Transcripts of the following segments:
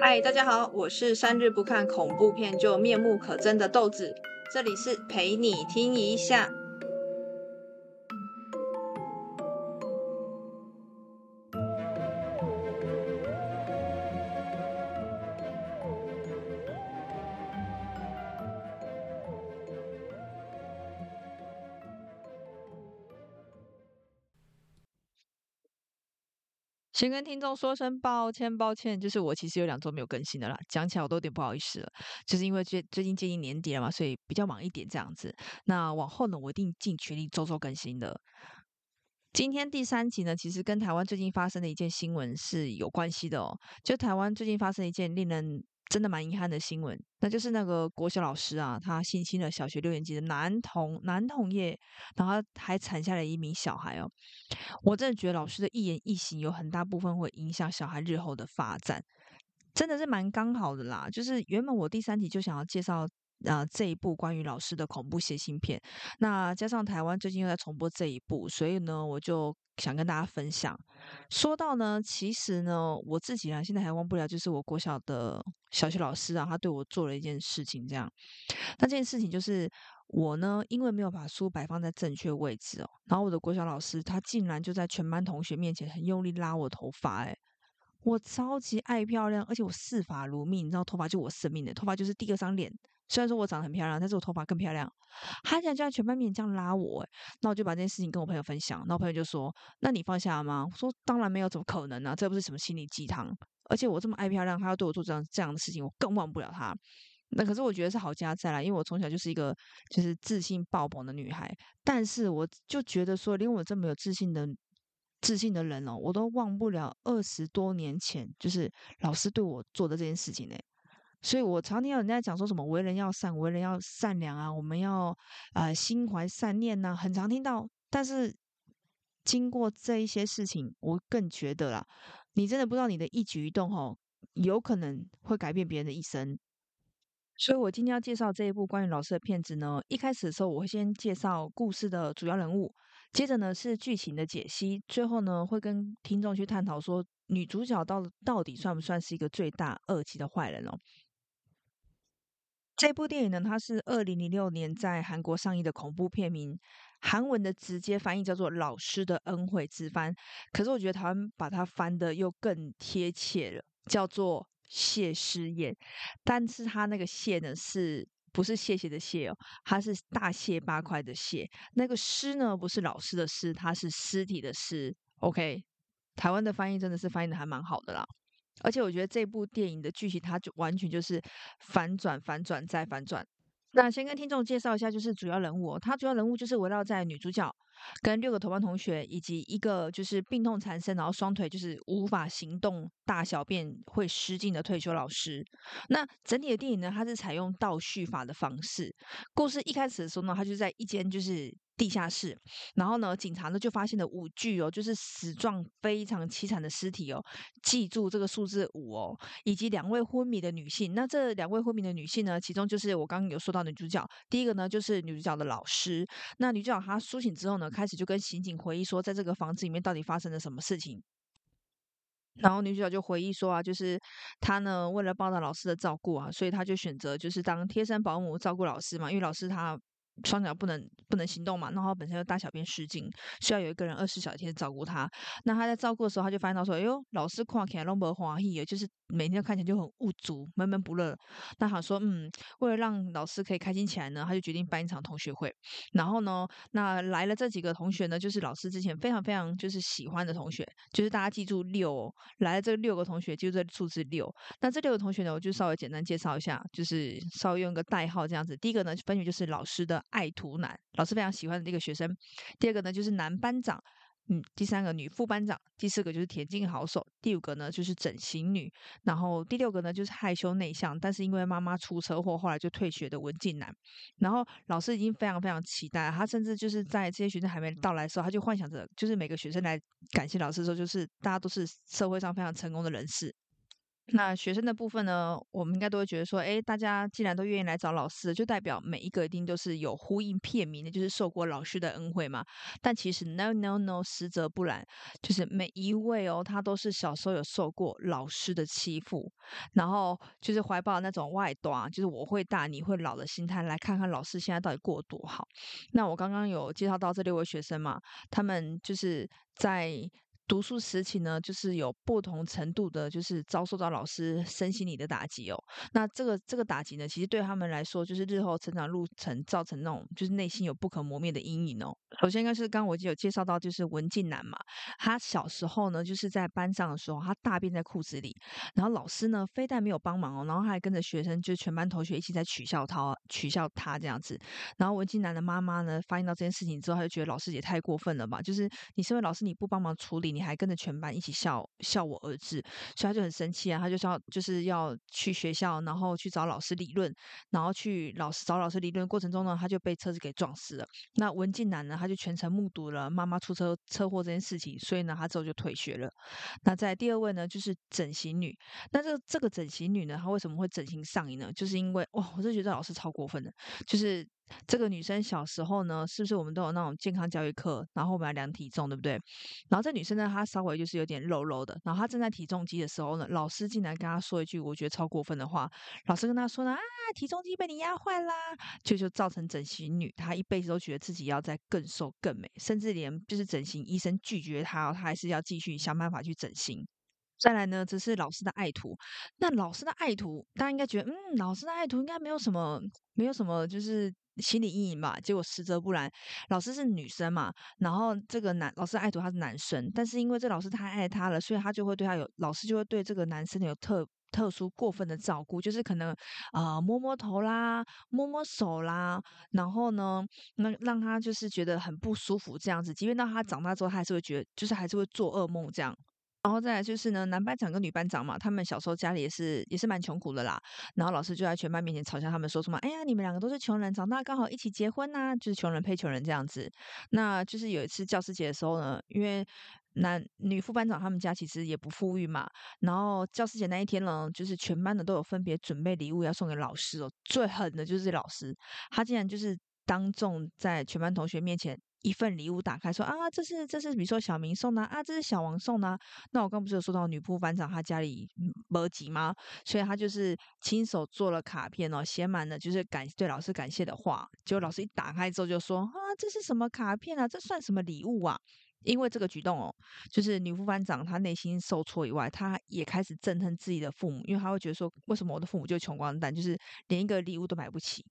嗨，Hi, 大家好，我是三日不看恐怖片就面目可憎的豆子，這裡是陪你聽一嚇。先跟聽眾說聲抱歉，抱歉，就是我其實有兩周沒有更新的啦，講起來我都有點不好意思了，就是因為最最近接近年底了嘛，所以比較忙一點這樣子。那往後呢，我一定盡全力周周更新的。今天第三集呢，其實跟台灣最近發生的一件新聞是有關係的哦、喔，就台灣最近發生一件令人。真的蠻遺憾的新聞，那就是那個國小老師啊，他性侵了小學六年級的男童，男童業，然後還產下了一名小孩哦。我真的覺得老師的一言一行有很大部分會影響小孩日後的發展，真的是蠻剛好的啦。就是原本我第三集就想要介紹。啊、呃，這一部關於老師的恐怖血腥片，那加上台灣最近又在重播這一部，所以呢，我就想跟大家分享。說到呢，其實呢，我自己啊，現在還忘不了，就是我國小的小學老師啊，他對我做了一件事情。這樣，那這件事情就是我呢，因為沒有把書擺放在正確位置哦、喔，然後我的國小老師他竟然就在全班同學面前很用力拉我頭髮，哎，我超級愛漂亮，而且我視髮如命，你知道，頭髮就我生命的，欸，頭髮就是第二張臉。雖然說我長得很漂亮，但是我頭髮更漂亮。他現在就在全班面前這樣拉我、欸，那我就把這件事情跟我朋友分享。那我朋友就說：“那你放下了嗎？”我說：“當然沒有，怎麼可能呢、啊？這不是什麼心靈雞湯。而且我這麼愛漂亮，他要對我做這樣這樣的事情，我更忘不了他。那可是我覺得是好加在了，因為我從小就是一個就是自信爆棚的女孩。但是我就覺得說，連我這麼有自信的自信的人哦、喔，我都忘不了二十多年前就是老師對我做的這件事情誒、欸所以我常聽到人家講說什麼“為人要善，為人要善良啊”，我們要啊、呃、心懷善念吶、啊，很常聽到。但是經過這一些事情，我更覺得啦，你真的不知道你的一舉一動、哦，吼，有可能會改變別人的一生。所以我今天要介紹這一部關於老師的片子呢。一開始的時候，我會先介紹故事的主要人物，接着呢是劇情的解析，最後呢會跟聽眾去探討說，女主角到到底算不算是一個罪大惡極的壞人哦？這部電影呢，它是二零零六年在韓國上映的恐怖片名，韓文的直接翻譯叫做《老師的恩惠之翻》，可是我覺得台灣把它翻的又更貼切了，叫做《卸屍宴》。但是它那個“謝”呢，是不是謝謝的“謝”哦？它是大卸八塊的“卸”。那個“師”呢，不是老師的“師”，它是屍體的“屍”。OK，台灣的翻譯真的是翻譯的還蠻好的啦。而且我覺得這部電影的劇情，它就完全就是反轉、反轉再反轉。那先跟聽眾介紹一下，就是主要人物哦，它主要人物就是圍繞在女主角。跟六個同班同學，以及一個就是病痛纏身，然後雙腿就是無法行動、大小便會失禁的退休老師。那整體的電影呢，它是採用倒敘法的方式。故事一開始的時候呢，它就在一間就是地下室，然後呢，警察呢就發現了五具哦，就是死狀非常淒慘的屍體哦。記住這個數字五哦，以及兩位昏迷的女性。那這兩位昏迷的女性呢，其中就是我剛剛有說到女主角，第一個呢就是女主角的老師。那女主角她蘇醒之後呢，開始就跟刑警回憶說，在這個房子裡面到底發生了什麼事情。然後女主角就回憶說啊，就是她呢，為了報答老師的照顧啊，所以她就選擇就是當貼身保姆照顧老師嘛。因為老師她雙腳不能不能行動嘛，然後本身又大小便失禁，需要有一個人二十四小時照顧她。那她在照顧的時候，她就發現到說，哎呦，老師看起來攏不歡喜，就是。每天都看起來就很無助，悶悶不樂。那他說，嗯，為了讓老師可以開心起來呢，他就決定辦一場同學會。然後呢，那來了這幾個同學呢，就是老師之前非常非常就是喜歡的同學，就是大家記住六哦，來了這六個同學，記住這數字六。那這六個同學呢，我就稍微簡單介紹一下，就是稍微用個代號這樣子。第一個呢，分別就是老師的愛徒男，老師非常喜歡的一個學生。第二個呢，就是男班長。嗯，第三個女副班長，第四個就是田徑好手，第五個呢就是整形女，然後第六個呢就是害羞內向，但是因為媽媽出車禍，後來就退學的文靜男。然後老師已經非常非常期待，他甚至就是在這些學生還沒到來的時候，他就幻想着，就是每個學生來感謝老師的時候，就是大家都是社會上非常成功的人士。那學生的部分呢？我們應該都會覺得說，誒，大家既然都願意來找老師，就代表每一個一定都是有呼應片名的，就是受過老師的恩惠嘛。但其實，no no no，實則不然，就是每一位哦，他都是小時候有受過老師的欺負，然後就是懷抱那種外端，就是我會大，你會老的心態，來看看老師現在到底過得多好。那我剛剛有介紹到這六位學生嘛，他們就是在。讀書時期呢，就是有不同程度的，就是遭受到老師身心理的打擊哦。那這個這個打擊呢，其實對他們來說，就是日後成長路程造成那種，就是內心有不可磨滅的陰影哦。首先應該是剛剛我就有介紹到，就是文靜男嘛，他小時候呢，就是在班上的時候，他大便在褲子裡，然後老師呢非但沒有幫忙哦，然後還跟着學生，就是全班同學一起在取笑他，取笑他這樣子。然後文靜男的媽媽呢，發現到這件事情之後，她就覺得老師也太過分了吧，就是你身為老師，你不幫忙處理。你還跟着全班一起笑笑我兒子，所以他就很生氣啊，他就要就是要去學校，然後去找老師理論。然後去老師找老師理論過程中呢，他就被車子給撞死了。那文靜男呢，他就全程目睹了媽媽出車車禍這件事情，所以呢，他之後就退學了。那在第二位呢，就是整形女。那這個、這個整形女呢，她為什麼會整形上癮呢？就是因為哇、哦，我是覺得老師超過分了，就是。這個女生小時候呢，是不是我們都有那種健康教育課？然後我們來量體重，對不對？然後這女生呢，她稍微就是有點肉肉的。然後她正在體重機的時候呢，老師竟然跟她說一句我覺得超過分的話。老師跟她說呢：“啊，體重機被你壓壞啦！就就造成整形女，她一輩子都覺得自己要再更瘦、更美，甚至連就是整形醫生拒絕她，哦，她還是要繼續想辦法去整形。再來呢，這是老師的愛徒。那老師的愛徒，大家應該覺得，嗯，老師的愛徒應該沒有什麼，沒有什麼，就是。心理陰影吧，結果實則不然。老師是女生嘛，然後這個男老師愛徒他是男生，但是因為這老師太愛他了，所以他就會對他有，老師就會對這個男生有特特殊、過分的照顧，就是可能啊、呃、摸摸頭啦，摸摸手啦，然後呢，那讓他就是覺得很不舒服，這樣子，即便到他長大之後，他還是會覺得，就是還是會做噩夢這樣。然後再來就是呢，男班長跟女班長嘛，他們小時候家裡也是也是蠻窮苦的啦。然後老師就在全班面前嘲笑他們，說什麼：“哎呀，你們兩個都是窮人，長大剛好一起結婚啊，就是窮人配窮人這樣子。”那就是有一次教師節的時候呢，因為男女副班長他們家其實也不富裕嘛。然後教師節那一天呢，就是全班的都有分別準備禮物要送給老師哦。最狠的就是這老師，他竟然就是當眾在全班同學面前。一份禮物打開說啊，這是這是比如說小明送的啊，啊，這是小王送的，啊。那我剛剛不是有說到女副班長她家裡沒錢嗎？所以她就是親手做了卡片哦，寫滿了就是感對老師感謝的話。結果老師一打開之後就說啊，這是什麼卡片啊？這算什麼禮物啊？因為這個舉動哦，就是女副班長她內心受挫以外，她也開始憎恨自己的父母，因為她會覺得說，為什麼我的父母就窮光蛋，就是連一個禮物都買不起。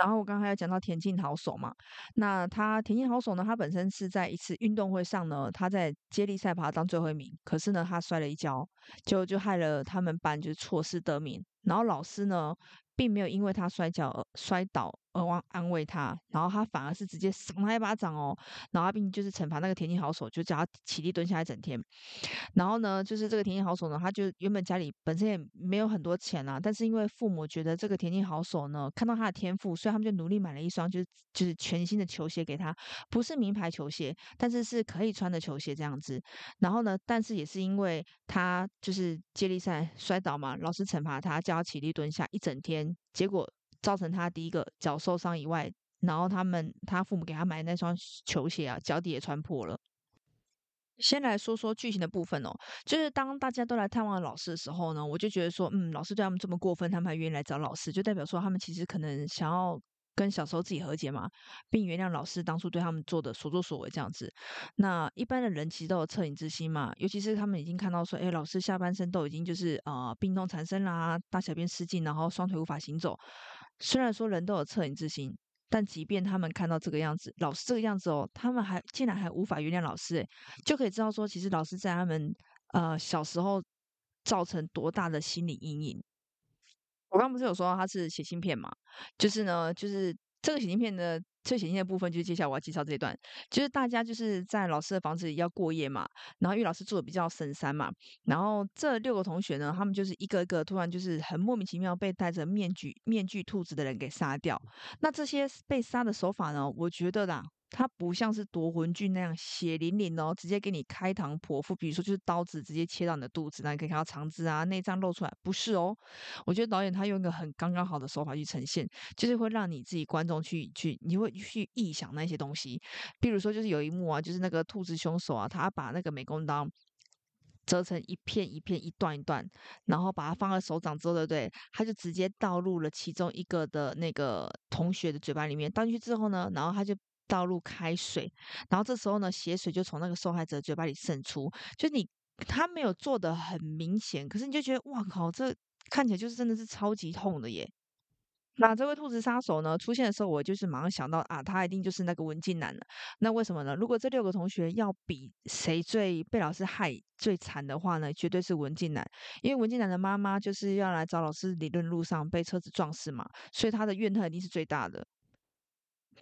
然後我剛才有講到田徑好手嘛，那他田徑好手呢，他本身是在一次運動會上呢，他在接力賽把他當最後一名，可是呢，他摔了一跤，就就害了他們班就是錯失得名，然後老師呢。並沒有因為他摔跤而摔倒而往安慰他，然後他反而是直接賞他一巴掌哦，然後他並就是懲罰那個田徑好手，就叫他起立蹲下一整天。然後呢，就是這個田徑好手呢，他就原本家裡本身也沒有很多錢啦、啊，但是因為父母覺得這個田徑好手呢，看到他的天賦，所以他們就努力買了一雙就是就是全新的球鞋給他，不是名牌球鞋，但是是可以穿的球鞋這樣子。然後呢，但是也是因為他就是接力賽摔倒嘛，老師懲罰他叫他起立蹲下一整天。結果造成他第一個腳受傷以外，然後他們他父母給他買的那雙球鞋啊，腳底也穿破了。先來說說劇情的部分哦，就是當大家都來探望老師的時候呢，我就覺得說，嗯，老師對他們這麼過分，他們還願意來找老師，就代表說他們其實可能想要。跟小時候自己和解嘛，並原諒老師當初對他們做的所作所為這樣子。那一般的人其實都有惻隱之心嘛，尤其是他們已經看到說，哎，老師下半身都已經就是呃病痛纏身啦，大小便失禁，然後雙腿無法行走。雖然說人都有惻隱之心，但即便他們看到這個樣子，老師這個樣子哦，他們還竟然還無法原諒老師誒，就可以知道說，其實老師在他們呃小時候造成多大的心理陰影。我剛剛不是有說到他是寫信片嘛？就是呢，就是這個寫信片的最寫信的部分，就是接下來我要介紹這一段。就是大家就是在老師的房子裡要過夜嘛，然後因為老師住的比較深山嘛，然後這六個同學呢，他們就是一個一個突然就是很莫名其妙被戴着面具、面具兔子的人給殺掉。那這些被殺的手法呢，我覺得啦。它不像是奪魂鋸那樣血淋淋的哦，直接給你開膛剖腹。比如說，就是刀子直接切到你的肚子，那你可以看到腸子啊、內臟露出來。不是哦，我覺得導演他用一個很剛剛好的手法去呈現，就是會讓你自己觀眾去去，你會去臆想那些東西。比如說，就是有一幕啊，就是那個兔子兇手啊，他把那個美工刀折成一片一片、一段一段，然後把它放在手掌之後，對不對？他就直接倒入了其中一個的那個同學的嘴巴裡面。倒進去之後呢，然後他就。倒入開水，然後這時候呢，血水就從那個受害者嘴巴裡滲出。就你他沒有做得很明顯，可是你就覺得哇靠，這看起來就是真的是超級痛的耶。那這位兔子殺手呢，出現的時候，我就是馬上想到啊，他一定就是那個文靜男了。那為什麼呢？如果這六個同學要比誰最被老師害最慘的話呢，絕對是文靜男，因為文靜男的媽媽就是要來找老師理論，路上被車子撞死嘛，所以他的怨恨一定是最大的。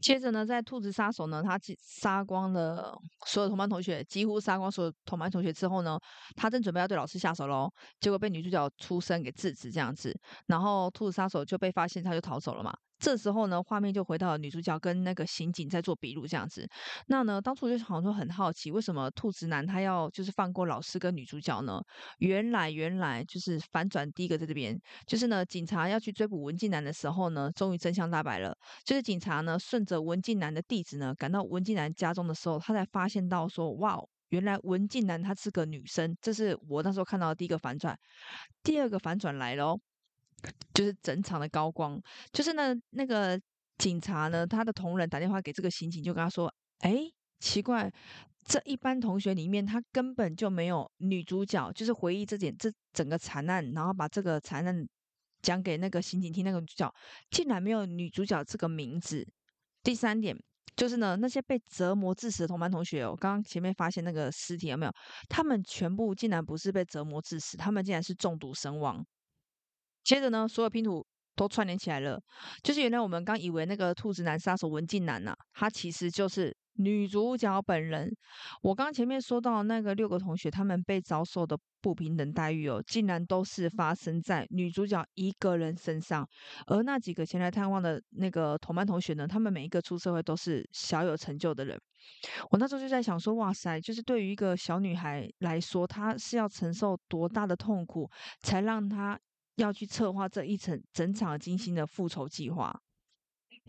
接着呢，在兔子殺手呢，他殺光了所有同班同學，幾乎殺光所有同班同學之後呢，他正準備要對老師下手嘍，結果被女主角出聲給制止，這樣子，然後兔子殺手就被發現，他就逃走了嘛。這時候呢，畫面就回到了女主角跟那個刑警，在做筆錄這樣子。那呢，當初就是好像說很好奇，為什麼兔子男他要就是放過老師跟女主角呢？原來，原來就是反轉第一個在這邊，就是呢，警察要去追捕文靜男的時候呢，終於真相大白了。就是警察呢，順着文靜男的地址呢，趕到文靜男家中的時候，他才發現到說，哇，原來文靜男她是個女生。這是我那時候看到的第一個反轉，第二個反轉來咯。就是整場的高光，就是呢，那個警察呢，他的同仁打電話給這個刑警，就跟他說：“誒，奇怪，這一班同學裡面，他根本就沒有女主角。就是回憶這點，這整個慘案，然後把這個慘案講給那個刑警聽。那個女主角竟然沒有女主角這個名字。第三點就是呢，那些被折磨致死的同班同學，哦，我剛剛前面發現那個屍體有沒有？他們全部竟然不是被折磨致死，他們竟然是中毒身亡。”接着呢，所有拼圖都串聯起來了。就是原來我們剛以為那個兔子男殺手、文靜男吶、啊，他其實就是女主角本人。我剛剛前面說到那個六個同學，他們被遭受的不平等待遇哦，竟然都是發生在女主角一個人身上。而那幾個前來探望的那個同班同學呢，他們每一個出社會都是小有成就的人。我那時候就在想說，哇塞，就是對於一個小女孩來說，她是要承受多大的痛苦，才讓她？要去策劃這一整整場精心的復仇計劃，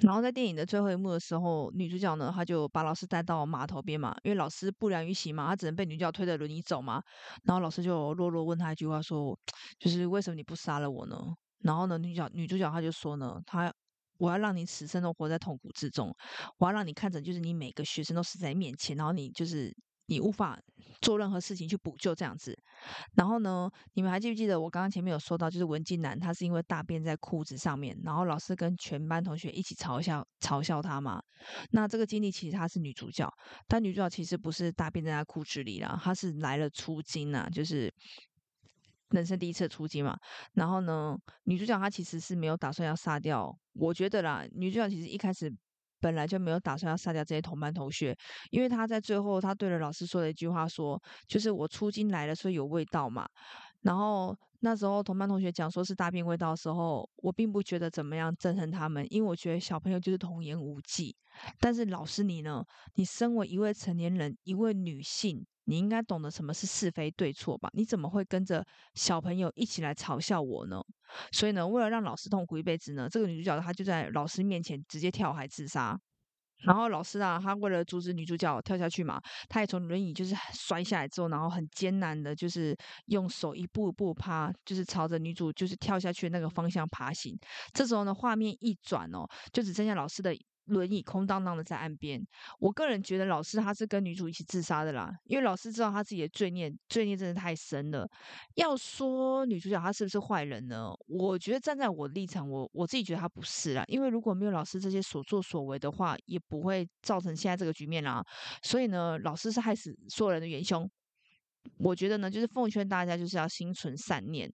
然後在電影的最後一幕的時候，女主角呢，她就把老師帶到碼頭邊嘛，因為老師不良於行嘛，她只能被女主角推着輪椅走嘛，然後老師就弱弱問她一句話說，就是為什麼你不殺了我呢？然後呢，女主角女主角她就說呢，她我要讓你此生都活在痛苦之中，我要讓你看着就是你每個學生都死在面前，然後你就是。你無法做任何事情去補救這樣子，然後呢，你們還記不記得我剛剛前面有說到，就是文靜男他是因為大便在褲子上面，然後老師跟全班同學一起嘲笑嘲笑他嘛。那這個經歷其實他是女主角，但女主角其實不是大便在她褲子裡了，她是來了初經啊，就是人生第一次初經嘛。然後呢，女主角她其實是沒有打算要殺掉，我覺得啦，女主角其實一開始。本來就沒有打算要殺掉這些同班同學，因為他在最後，他對着老師說了一句話說，說就是我初經來了，所以有味道嘛，然後。那時候同班同學講說是大便味道的時候，我並不覺得怎麼樣憎恨他們，因為我覺得小朋友就是童言無忌。但是老師你呢？你身為一位成年人，一位女性，你應該懂得什麼是是非對錯吧？你怎麼會跟着小朋友一起來嘲笑我呢？所以呢，為了讓老師痛苦一輩子呢，這個女主角她就在老師面前直接跳海自殺。然後老師啊，他為了阻止女主角跳下去嘛，他也從輪椅就是摔下來之後，然後很艱難的，就是用手一步一步趴，就是朝着女主就是跳下去的那個方向爬行。這時候呢，畫面一轉哦，就只剩下老師的。輪椅空蕩蕩的在岸邊，我個人覺得老師他是跟女主一起自殺的啦，因為老師知道他自己的罪孽，罪孽真的太深了。要說女主角她是不是壞人呢？我覺得站在我的立場，我我自己覺得她不是啦，因為如果沒有老師這些所作所為的話，也不會造成現在這個局面啦。所以呢，老師是害死所有人的元兇。我覺得呢，就是奉勸大家，就是要心存善念。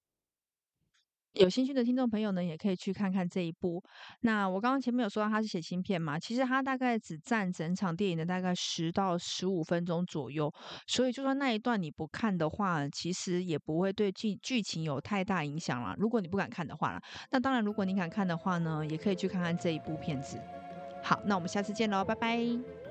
有興趣的聽眾朋友呢，也可以去看看這一部。那我剛剛前面有說到他是血腥片嘛，其實，他大概只占整場電影的大概十到十五分鐘左右，所以就算那一段你不看的話，其實也不會對劇劇情有太大影響啦。如果你不敢看的話啦，那當然如果你敢看的話呢，也可以去看看這一部片子。好，那我們下次見嘍，拜拜。